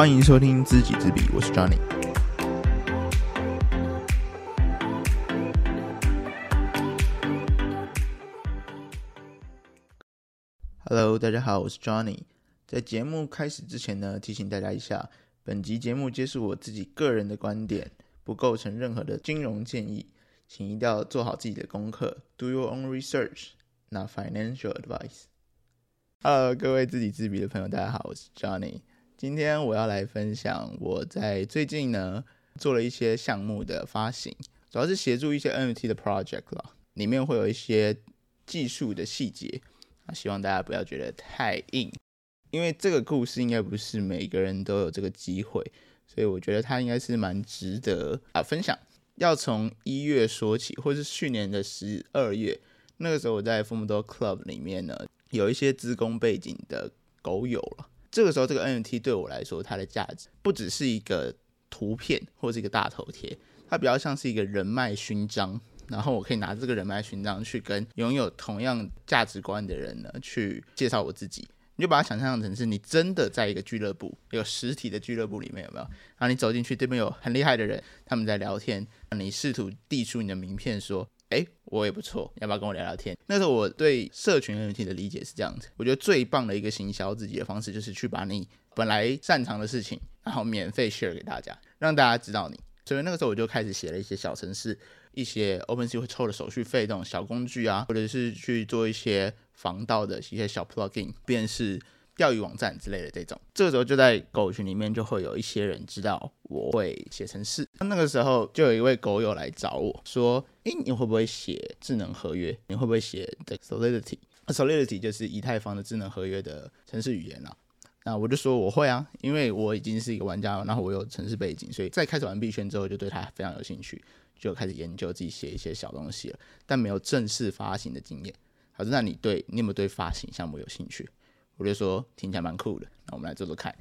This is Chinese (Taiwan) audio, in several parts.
歡迎收聽《知己知彼》，我是 Johnny。Hello，大家好，我是 Johnny。在節目開始之前呢，提醒大家一下，本集節目皆是我自己個人的觀點，不構成任何的金融建議，請一定要做好自己的功課，Do your own research，not financial advice。Hello，各位知己知彼的朋友，大家好，我是 Johnny。今天我要來分享我在最近呢做了一些項目的發行，主要是協助一些 NFT 的 project 啦，裡面會有一些技術的細節，啊，希望大家不要覺得太硬，因為這個故事應該不是每個人都有這個機會，所以我覺得它應該是蠻值得啊分享。要從一月說起，或是去年的十二月，那個時候我在 Fomo Dog Club 裡面呢，有一些資工背景的狗友啦這個時候，這個 NFT 對我來說，它的價值不只是一個圖片或是一個大頭貼，它比較像是一個人脈勳章。然後，我可以拿這個人脈勳章去跟擁有同樣價值觀的人呢去介紹我自己。你就把它想象成是，你真的在一個俱樂部，有實體的俱樂部裡面，有沒有？然後你走進去，對面有很厲害的人，他們在聊天，你試圖遞出你的名片說，哎、欸，我也不錯，要不要跟我聊聊天？那時候我對社群問題的理解是這樣子，我覺得最棒的一個行銷自己的方式就是去把你本來擅長的事情，然後免費 share 給大家，讓大家知道你。所以那個時候我就開始寫了一些小程式，一些 OpenSea 會抽的手續費這種小工具啊，或者是去做一些防盜的一些小 plugin，便是。釣魚網站之類的這種，這個時候就在狗群裡面就會有一些人知道我會寫程式。那那個時候就有一位狗友來找我說：“誒，你會不會寫智能合約？你會不會寫的 Solidity？Solidity、啊、Solidity 就是以太坊的智能合約的程式語言啊。”那我就說我會啊，因為我已經是一個玩家，然後我有程式背景，所以在開始玩幣圈之後就對它非常有興趣，就開始研究自己寫一些小東西了，但沒有正式發行的經驗。好，那你對你有沒有對發行項目有興趣？我就說聽起來蠻酷的，那我們來做做看。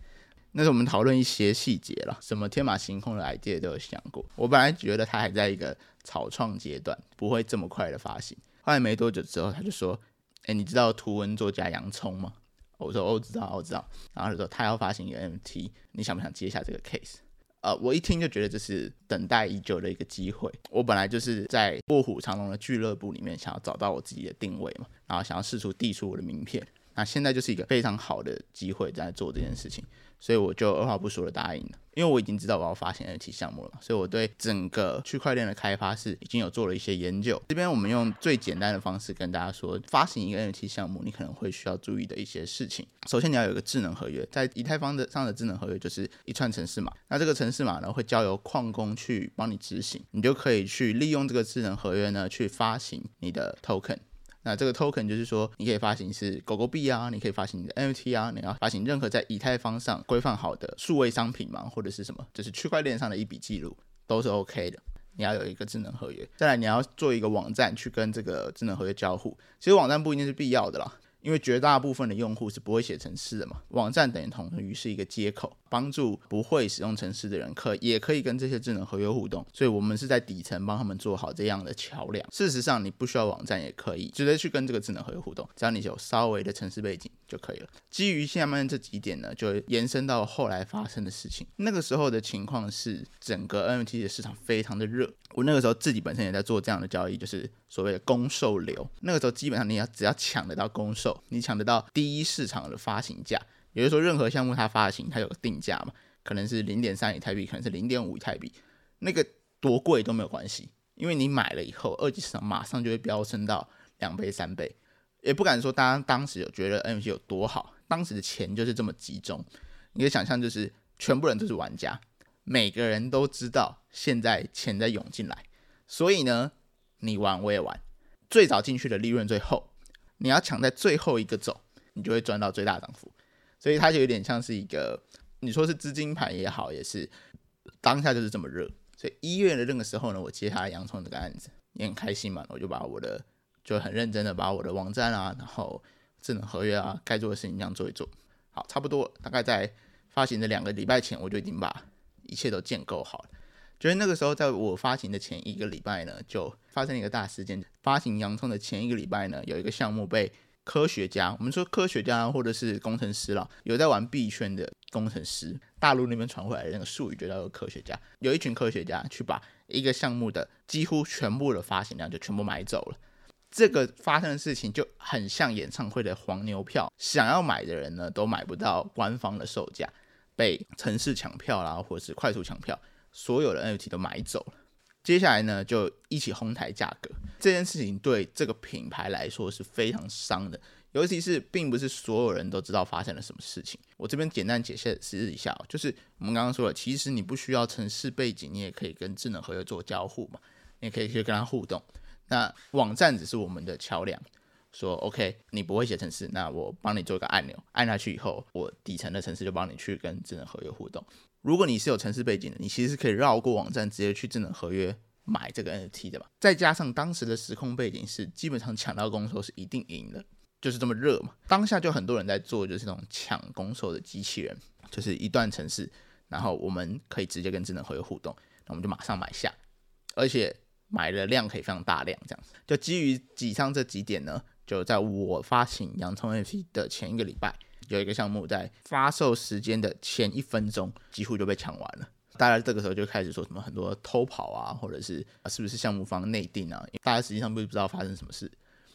那時候我們討論一些細節了，什麼天馬行空的 idea 都有想過。我本來覺得他還在一個草創階段，不會這麼快的發行。後來沒多久之後，他就說：“哎，你知道圖文作家洋蔥嗎？”我說：“哦，我知道，我知道。”然後他就說：“他要發行一個 NFT，你想不想接下這個 case？” 呃，我一聽就覺得這是等待已久的一個機會。我本來就是在臥虎藏龍的俱樂部裡面，想要找到我自己的定位嘛，然後想要試圖遞出我的名片。那現在就是一個非常好的機會在做這件事情，所以我就二話不說的答應了，因為我已經知道我要發行 NFT 項目了，所以我對整個區塊鏈的開發是已經有做了一些研究。這邊我們用最簡單的方式跟大家說，發行一個 NFT 項目，你可能會需要注意的一些事情。首先你要有一個智能合約，在以太坊的上的智能合約就是一串程式碼，那這個程式碼呢會交由礦工去幫你執行，你就可以去利用這個智能合約呢去發行你的 token。那這個 token 就是說，你可以發行是狗狗幣啊，你可以發行你的 NFT 啊，你要發行任何在以太坊上規範好的數位商品嘛，或者是什麼，就是區塊鏈上的一筆記錄，都是 OK 的。你要有一個智能合約，再來你要做一個網站去跟這個智能合約交互。其實網站不一定是必要的啦，因為絕大部分的用戶是不會寫程式的嘛，網站等同於是一個接口。幫助不會使用程式的人，可也可以跟這些智能合約互動，所以我們是在底層幫他們做好這樣的橋梁。事實上，你不需要網站，也可以直接去跟這個智能合約互動，只要你有稍微的程式背景就可以了。基於下面這幾點呢，就延伸到後來發生的事情。那個時候的情況是，整個 NFT 的市場非常的熱。我那個時候自己本身也在做這樣的交易，就是所謂的公售流。那個時候基本上你要只要搶得到公售，你搶得到第一市場的發行價。也就是說，任何項目它發行，它有定價嘛，可能是零點三以太幣，可能是零點五以太幣，那個多貴都沒有關係，因為你買了以後，二級市場馬上就會飆升到兩倍、三倍。也不敢說大家當時有覺得 NFT 有多好，當時的錢就是這麼集中。你可以想象，就是全部人都是玩家，每個人都知道現在錢在湧進來，所以呢，你玩我也玩，最早進去的利潤最厚，你要搶在最後一個走，你就會賺到最大漲幅。所以它就有點像是一個，你說是資金盤也好，也是當下就是這麼熱。所以一月的那個時候呢，我接下洋蔥這個案子也很開心嘛，我就把我的就很認真的把我的網站啊，然後智能合約啊，該做的事情這樣做一做。好，差不多大概在發行的兩個禮拜前，我就已經把一切都建構好了。就是那個時候，在我發行的前一個禮拜呢，就發生了一個大事件：發行洋蔥的前一個禮拜呢，有一個項目被科學家，我們說科學家或者是工程師啦，有在玩幣圈的工程師，大陸那邊傳回來的那個術語就叫做科學家，有一群科學家去把一個項目的幾乎全部的發行量就全部買走了。這個發生的事情就很像演唱會的黃牛票，想要買的人呢都買不到官方的售價，被程式搶票啦，或是快速搶票，所有的 NFT 都買走了。接下來呢，就一起哄抬價格這件事情，對這個品牌來說是非常傷的。尤其是並不是所有人都知道發生了什麼事情。我這邊簡單解釋一下，就是我們剛剛說了，其實你不需要程式背景，你也可以跟智能合約做交互嘛，你也可以去跟它互動。那網站只是我們的橋梁，說 OK，你不會寫程式，那我幫你做一個按鈕，按下去以後，我底層的程式就幫你去跟智能合約互動。如果你是有程式背景的，你其實是可以繞過網站，直接去智能合約買這個 NFT 的嘛。再加上當時的時空背景是，基本上搶到公售是一定贏的，就是這麼熱嘛。當下就很多人在做，就是那種搶公售的機器人，就是一段程式，然後我們可以直接跟智能合約互動，那我們就馬上買下，而且買的量可以非常大量這樣，就基於以上這幾點呢，就在我發行洋蔥 NFT 的前一個禮拜。有一個項目在發售時間的前一分鐘幾乎就被搶完了，大家這個時候就開始說什麼很多偷跑啊，或者是是不是項目方內定啊？大家實際上並不知道發生什麼事，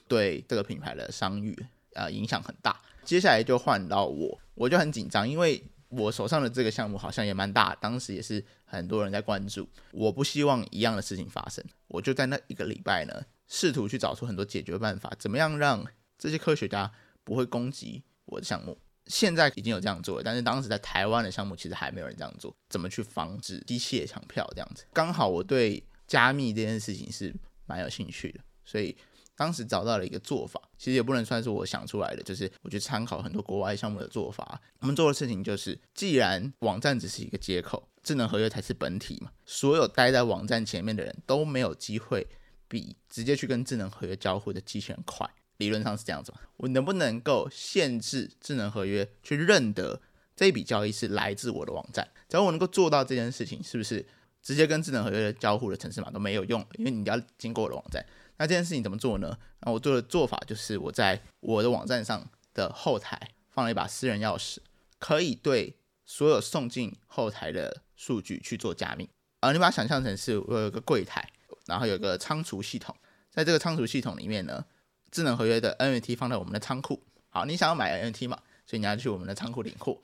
對這個品牌的商譽啊影響很大。接下來就換到我，我就很緊張，因為我手上的這個項目好像也蠻大，當時也是很多人在關注，我不希望一樣的事情發生。我就在那一個禮拜呢，試圖去找出很多解決辦法，怎麼樣讓這些科學家不會攻擊。我的項目現在已經有這樣做了，但是當時在台灣的項目其實還沒有人這樣做，怎麼去防止機器人搶票這樣子？剛好我對加密這件事情是蠻有興趣的，所以當時找到了一個做法，其實也不能算是我想出來的，就是我去參考很多國外項目的做法。我們做的事情就是，既然網站只是一個接口，智能合約才是本體嘛，所有待在網站前面的人都沒有機會比直接去跟智能合約交互的機器人快。理論上是這樣子嘛？我能不能夠限制智能合約去認得這筆交易是來自我的網站？只要我能夠做到這件事情，是不是直接跟智能合約交互的程式碼都沒有用？因為你要經過我的網站。那這件事情怎麼做呢？那、啊、我做的做法就是我在我的網站上的後台放了一把私人鑰匙，可以對所有送進後台的數據去做加密。而、啊、你把它想象成是我有一個櫃台，然後有個倉儲系統，在這個倉儲系統裡面呢？智能合約的 NFT 放在我們的倉庫。好，你想要買 NFT 嘛？所以你要去我們的倉庫領貨。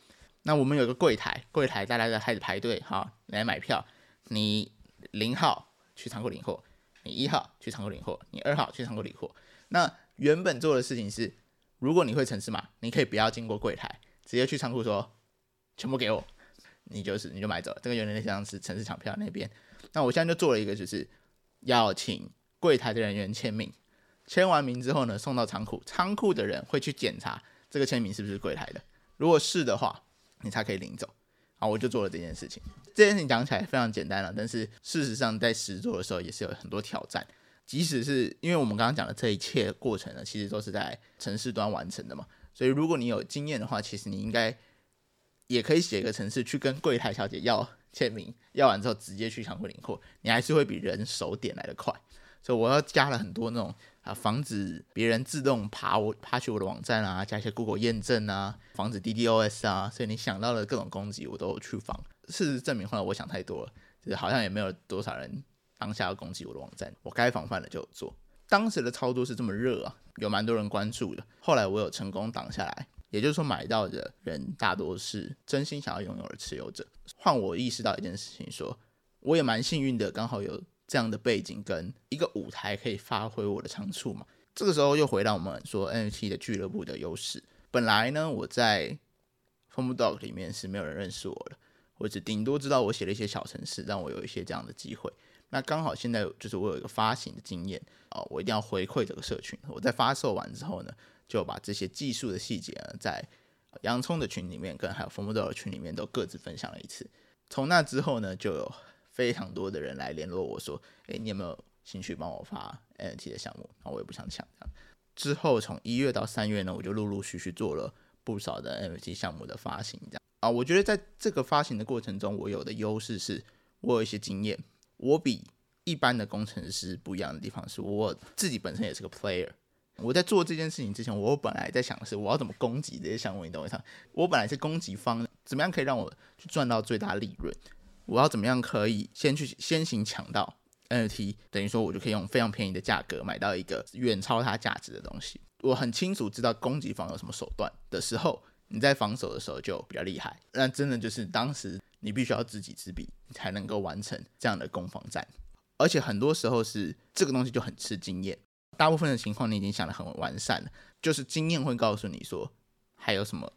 那我們有個櫃台，櫃台大家在開始排隊哈，好，你來買票。你零號去倉庫領貨，你一號去倉庫領貨，你二號去倉庫領貨。那原本做的事情是，如果你會程式碼，你可以不要經過櫃台，直接去倉庫說全部給我，你就是你就買走了。這個原來那張是程式搶票那邊。那我現在就做了一個，就是要請櫃台的人員簽名。簽完名之後呢，送到倉庫，倉庫的人會去檢查這個簽名是不是櫃檯的，如果是的話，你才可以領走。好，我就做了這件事情。這件事情講起來非常簡單了，但是事實上在實作的時候也是有很多挑戰。即使是因為我們剛剛講的這一切過程呢，其實都是在程式端完成的嘛，所以如果你有經驗的話，其實你應該也可以寫一個程式去跟櫃檯小姐要簽名，要完之後直接去倉庫領貨，你還是會比人手點來的快。所以我要加了很多那種。啊，防止別人自動爬我爬去我的網站啊，加一些 Google 驗證啊，防止 DDoS 啊，所以你想到的各種攻擊，我都有去防。事實證明，後來我想太多了，就是好像也沒有多少人當下要攻擊我的網站，我該防範的就做。當時的操作是這麼熱啊，有蠻多人關注的。後來我有成功擋下來，也就是說，買到的人大多是真心想要擁有的持有者。換我意識到一件事情說，說我也蠻幸運的，剛好有。這樣的背景跟一個舞台可以發揮我的長處嘛？這個時候又回到我們說 NFT 的俱樂部的優勢。本來呢，我在 FOMO Dog 裡面是沒有人認識我的，或者頂多知道我寫了一些小程式，讓我有一些這樣的機會。那剛好現在就是我有一個發行的經驗啊，我一定要回饋這個社群。我在發售完之後呢，就把這些技術的細節在洋蔥的群裡面，跟還有 FOMO Dog 的群裡面都各自分享了一次。從那之後呢，就有。非常多的人來聯絡我說：“誒、欸，你有沒有興趣幫我發 NFT 的項目？”然後我也不想搶這樣。之後從一月到三月呢，我就陸陸續續做了不少的 NFT 項目的發行，這樣啊。我覺得在這個發行的過程中，我有的優勢是我有一些經驗，我比一般的工程師不一樣的地方是我自己本身也是個 player。我在做這件事情之前，我本來在想的是我要怎麼攻擊這些項目，你懂我意思嗎？我本來是攻擊方，怎麼樣可以讓我去賺到最大利潤？我要怎麼樣可以先去先行搶到 NFT？等於說，我就可以用非常便宜的價格買到一個遠超它價值的東西。我很清楚知道攻擊方有什麼手段的時候，你在防守的時候就比較厲害。那真的就是當時你必須要知己知彼才能夠完成這樣的攻防戰。而且很多時候是這個東西就很吃經驗，大部分的情況你已經想得很完善了，就是經驗會告訴你說還有什麼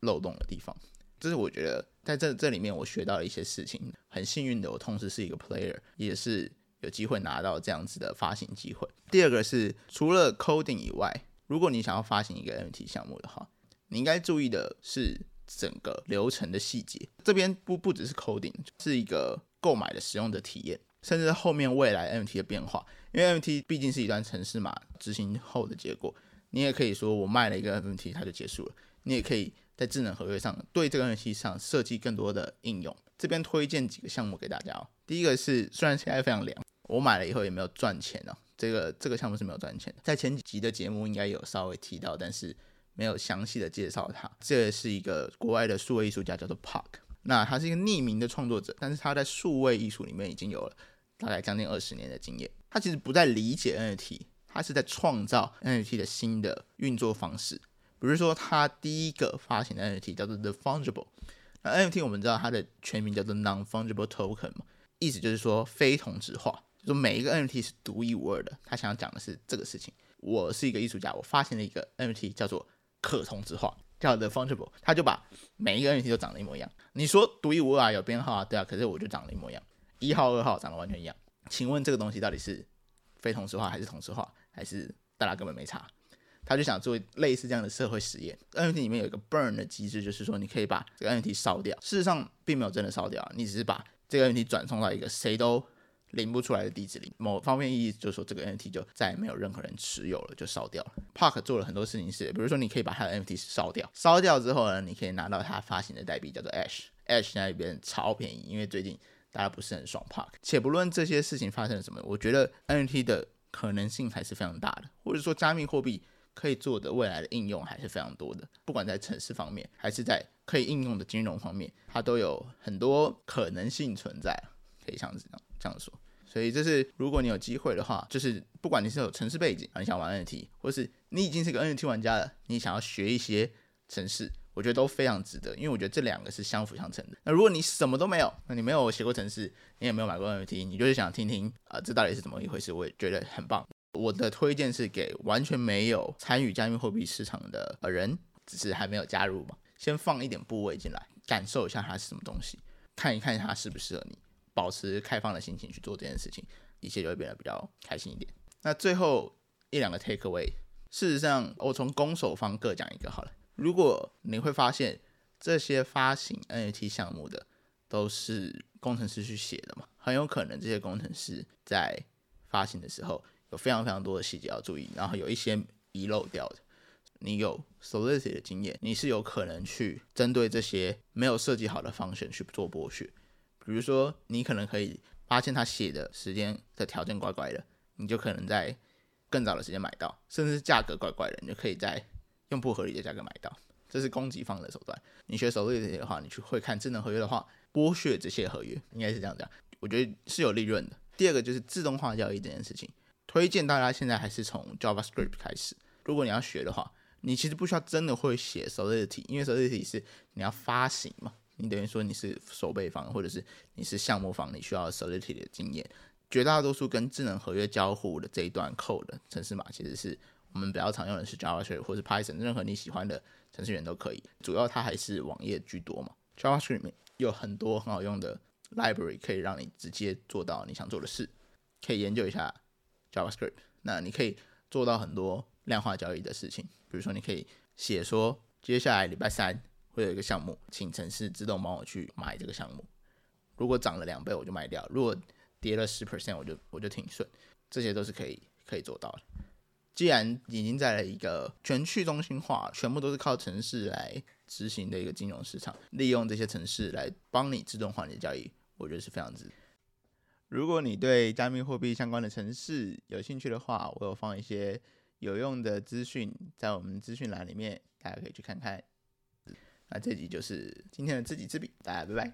漏洞的地方。這是我覺得。在這這裡面，我學到了一些事情。很幸運的，我同時是一個 player，也是有機會拿到這樣子的發行機會。第二個是，除了 coding 以外，如果你想要發行一個 NFT 項目的話，你應該注意的是整個流程的細節。這邊不不只是 coding，是一個購買的使用的體驗，甚至後面未來 NFT 的變化。因為 NFT 畢竟是一段程式碼執行後的結果。你也可以說我賣了一個 NFT，它就結束了。你也可以。在智能合約上，對這個 NFT 上設計更多的應用。這邊推薦幾個項目給大家哦。第一個是，雖然現在非常涼，我買了以後也沒有賺錢哦。這個這個項目是沒有賺錢的。在前幾集的節目應該有稍微提到，但是沒有詳細的介紹它。這是一個國外的數位藝術家，叫做 Park。那他是一個匿名的創作者，但是他在數位藝術裡面已經有了大概將近二十年的經驗。他其實不太理解 NFT，他是在創造 NFT 的新的運作方式。比如說他第一個發行的 NFT 叫做 The Fungible，那 NFT 我們知道它的全名叫做 Non-Fungible Token 嘛，意思就是說非同質化，就是說每一個 NFT 是獨一無二的。他想要講的是這個事情。我是一個藝術家，我發行了一個 NFT 叫做可同質化，叫做 The Fungible，他就把每一個 NFT 都長得一模一樣。你說獨一無二啊，有編號啊，對啊，可是我就長得一模一樣，一號、二號長得完全一樣。請問這個東西到底是非同質化還是同質化，還是大家根本沒差？他就想做類似這樣的社會實驗。NFT 裡面有一個 burn 的機制，就是說你可以把這個 NFT 燒掉。事實上並沒有真的燒掉，你只是把這個 NFT 轉送到一個誰都領不出來的地址裡。某方面意義就是說這個 NFT 就再也沒有任何人持有了，就燒掉了。Park 做了很多事情，是比如說你可以把它的 NFT 燒掉，燒掉之後呢，你可以拿到它發行的代幣叫做 Ash。Ash 現在變超便宜，因為最近大家不是很爽 Park。且不論這些事情發生了什麼，我覺得 NFT 的可能性還是非常大的，或者說加密貨幣。可以做的未來的應用還是非常多的，不管在程式方面，還是在可以應用的金融方面，它都有很多可能性存在，可以像這樣子這樣這樣說。所以就是如果你有機會的話，就是不管你是有程式背景，啊，你想玩 NFT，或是你已經是個 NFT 玩家了，你想要學一些程式，我覺得都非常值得，因為我覺得這兩個是相輔相成的。那如果你什麼都沒有，那你沒有寫過程式，你也沒有買過 NFT，你就是想聽聽啊、呃，這到底是怎麼一回事，我也覺得很棒。我的推薦是給完全沒有參與加密貨幣市場的人，只是還沒有加入嘛，先放一點部位進來，感受一下它是什麼東西，看一看它適不適合你，保持開放的心情去做這件事情，一切就會變得比較開心一點。那最後一兩個 take away，事實上我從攻守方各講一個好了。如果你會發現這些發行 NFT 項目的都是工程師去寫的嘛，很有可能這些工程師在發行的時候，有非常非常多的細節要注意，然後有一些遺漏掉的，你有 Solidity 的經驗，你是有可能去針對這些沒有設計好的方式去做剝削，比如說你可能可以發現他寫的時間的條件怪怪的，你就可能在更早的時間買到，甚至價格怪怪的，你就可以在用不合理的價格買到，這是攻擊方的手段。你學 Solidity 的話，你去會看智能合約的話，剝削這些合約應該是這樣講，我覺得是有利潤的。第二個就是自動化交易這件事情。推薦大家現在還是從 JavaScript 開始。如果你要學的話，你其實不需要真的會寫 Solidity，因為 Solidity 是你要發行嘛，你等於說你是守備方或者是你是項目方，你需要 Solidity 的經驗。絕大多數跟智能合約交互的這一段 code 的程式碼，其實是我們比較常用的是 JavaScript 或者 Python，任何你喜歡的程序員都可以。主要它還是網頁居多嘛。JavaScript 裡面有很多很好用的 library，可以讓你直接做到你想做的事，可以研究一下。JavaScript，那你可以做到很多量化交易的事情，比如說你可以寫說，接下來禮拜三會有一個項目，請程式自動幫我去買這個項目，如果漲了兩倍我就賣掉，如果跌了十 percent 我就我就停損，這些都是可以可以做到的。既然已經在了一個全去中心化，全部都是靠程式來執行的一個金融市場，利用這些程式來幫你自動化你的交易，我覺得是非常值得。如果你對加密貨幣相關的程式有興趣的話，我有放一些有用的資訊在我們資訊欄裡面，大家可以去看看。那這集就是今天的知己知彼，大家拜拜。